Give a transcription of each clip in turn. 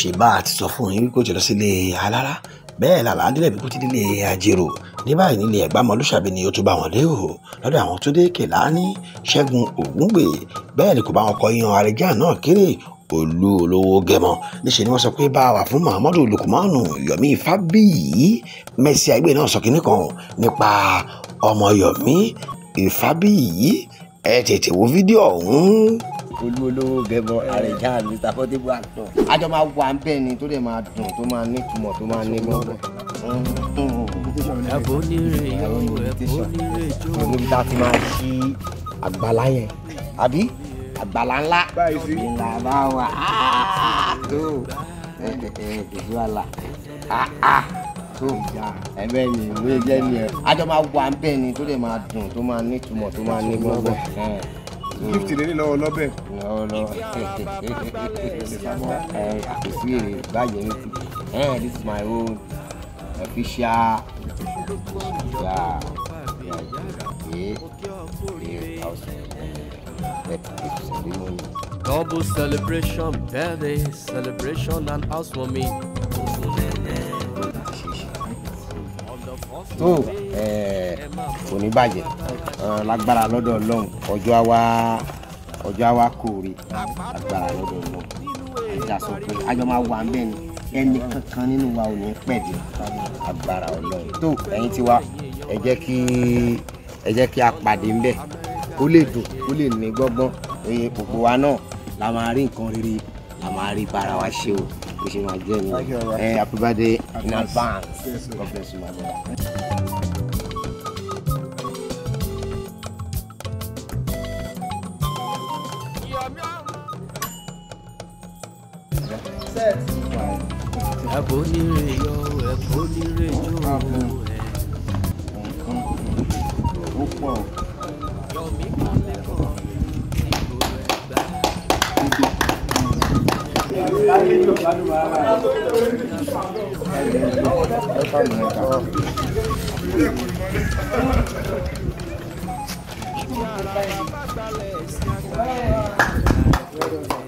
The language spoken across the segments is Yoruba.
ṣèbá àti sọ fún yín wípé ó ti lọ sílé alára bẹ́ẹ̀ làlá délẹ̀ bí kò ti délé àjèrò ní báyìí nílé ẹ̀gbámọ̀ olùṣàbí ni ó tún bá wọn dé o lọ́dọ̀ àwọn tó dé kèlá ní ṣẹ́gun ògúngbè bẹ́ẹ̀ ni kò bá wọn kọ yan àrẹ̀já náà kéré olú olówó gẹmọ níṣẹ́ ni wọ́n sọ pé bá a wà fún muhammadu lukumanu yomi fábíyì mẹ́sì àgbẹ̀ náà sọ kínní kan nípa ọmọ yomi ìfábíyì ẹ tètè wo fídíò ọ̀hún olú olówó gẹbọ àrẹjà mr portable actor àjọ máa wà ń bẹ́ẹ̀ ni tó dẹ̀ máa dùn tó máa ní ìtumọ̀ tó máa ní gbọ́ngàn. ẹ̀bùn onírè yóò ẹ̀bùn onírè jó. ọmọ mi ta ti máa ṣí àgbàlá yẹn àbí àgbàlá ńlá ìlà bá wà tó ẹ̀ẹ́dẹ̀ẹ́dẹ̀ wàhálà tó ìjà ẹ̀mẹ́ ni ìwé jẹ́ ni ẹ̀ àjọ máa wà ń bẹ́ẹ̀ ni tó dẹ̀ máa dùn tó máa ní ìtumọ̀ tó máa ní gbọ́ngàn gift lè ní lọ́wọ́ lọ́bẹ̀. lọ́wọ́lọ́wọ́ kò sí èrè báyọ̀ létí this is my own official Double celebration, birthday celebration and housewarming. tó oh, eh, kò ní bàjẹ́ lágbára lọ́dọ̀ ọlọ́run ọjọ́ àwa ọjọ́ àwa kò rí lágbára lọ́dọ̀ ọlọ́run ìjà sọ pé ajọ́ máa wà ń bẹ̀ ni ẹnì kankan nínú wa ò ní pẹ̀dé agbára ọlọ́run tó ẹ̀yin tiwa ẹ jẹ́ kí ẹ jẹ́ kí a pàdé ńbẹ̀ ó lè dùn ó lè ní gbọ́ngbọ́n oye gbogbo wa náà la máa rí nǹkan rere la máa rí bára wa ṣe o bó ṣe máa jẹ́ ni ẹ eh, happy in advance God bless you my brother. ẹ̀bùn onírè yọ Thank you.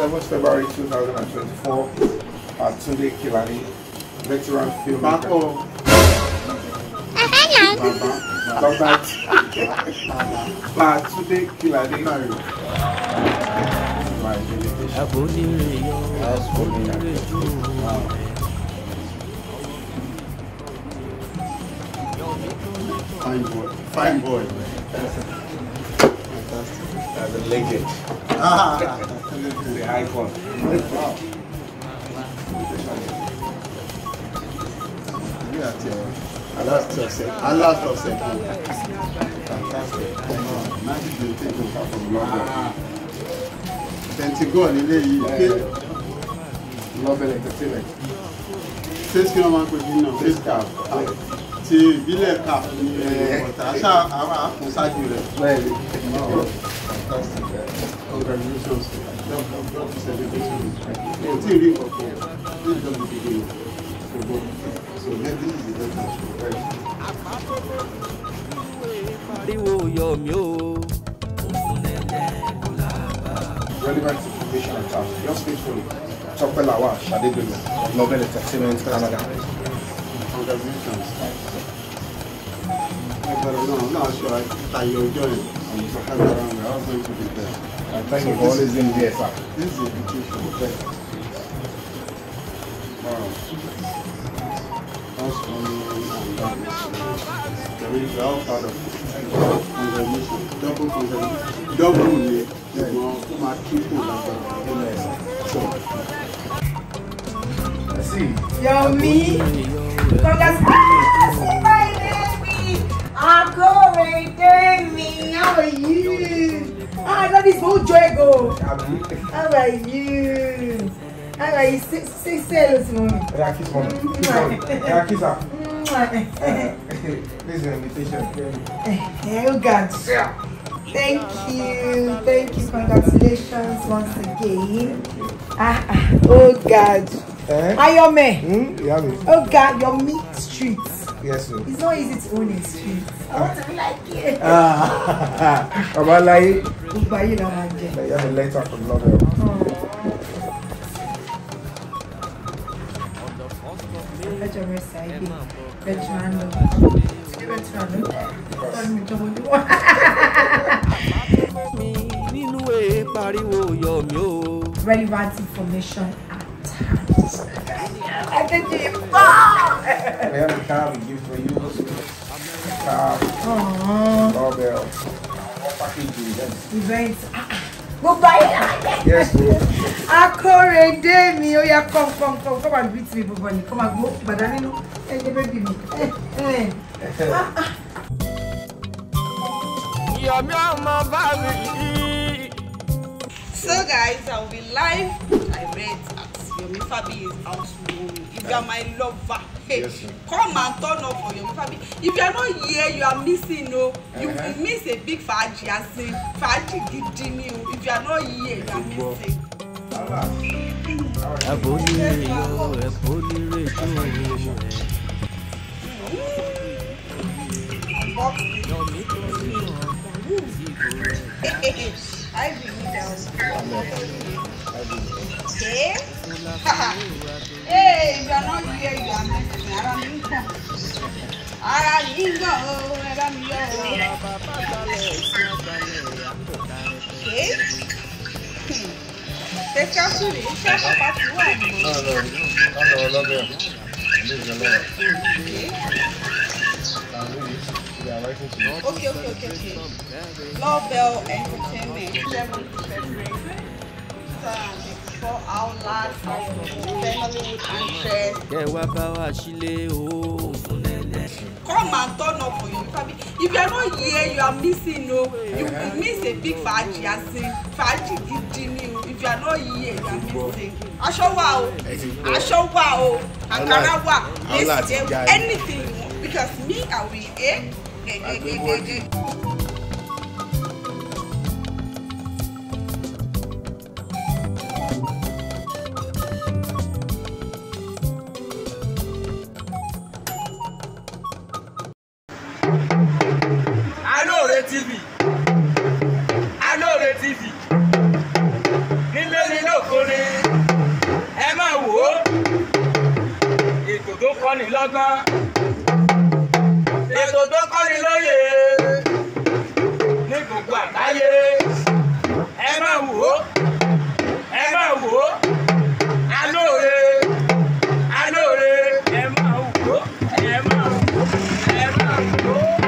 7th February 2024 at Tunde Kilani, veteran filmmaker. Hello. Come back. By Tunde Kilani. Abonire, abonire Fine boy. Fine boy. Fantastic. As a legend. Ah. this is the icon. Alas, Alas, Fantastic. Magic will take over from London. Pentagon, ilé yìí. Love and entertainment. Face kí wọ́n máa ń pè ní náà. cap. Ti ìbílẹ̀ cap ni ọ̀tá. Aṣá àwọn àkùnṣájú rẹ̀. Bẹ́ẹ̀ni. Fantastic. Congratulations ẹ̀ tí rí ọ̀pọ̀ ní ìjọba ìdílé ṣùgbọ́n so medicine is the best option. ariwo yọ mi o. relevant information Canada. I thank so you for always being there, sir. This is a beautiful Wow. That's one and that all part of congregation. Double congregation. Double me. You my people. Amen. Ah! I see. Yummy. Congratulations. you? How are you? Say, say, mommy. Yeah, kiss mommy. Yeah, kiss her. this is your invitation. Oh God. Thank you. Thank you. Congratulations once again. Ah, ah Oh God. Eh? Ayome. Mm, yeah, Oh God, your meat streets. Yes, sir. It's not easy to own a street. I want to be like you. Ah, Babalaye gbogbo ayé la máa jẹ. ẹ̀yà mi lẹ́tà tó lọ́dọ̀ ẹ̀. nínú èé e, pariwo yọ mí o. relevant information attached. I can give Well, the car we give for you. Car. Aww. Doorbell event. event ah, ah. gbogbo ayé la yes bro. akóredé mi ó yá come come come come and greet me bọ̀bọ̀ ni come and go gbàdá nínú ẹ̀jẹ̀ bẹ́bí mi. Ah, Yomi ọmọ bá mi. so guys i will be live i bet Yomifabi is out tomorrow. If you are my lover, hey, yes, come and turn up for Yomifabi. If you are not here, you are missing, no. You uh -huh. miss a big fàájì as in fàájì gidi If you are not here, you are missing. Ẹ̀bùn ní ìyó, ẹ̀bùn ní ìrètí I believe that was. haha, Ei, já não ia ligar, né? Era linda. Era linda, oh, era minha. Quê? Você quer o suri? Você quer é a Não, não, não. Não, não, não. Liga, não. Quê? Tá, não, não. Okay, okay, okay, okay. Love Entertainment. Kẹ wá bá wa sílé o. Come and turn up for your family. If you are not here, you are missing o. Oh. You will miss a big fàájì as in fàájì gidi ni o. If you are not here, you are missing. Aṣọ wà o, aṣọ wà o, àkàrà wà, anything you want because me I will eh. Alore TV Alore TV nílé ní lókòrè ẹ máa wò ó ètò tó kọ́ni lọ́gbọ́n ètò tó kọ́ni lóye ní gbogbo àgbáyé ẹ máa wò ó ẹ máa wò ó Alore Alore ẹ máa wò ó ẹ máa wò ó ẹ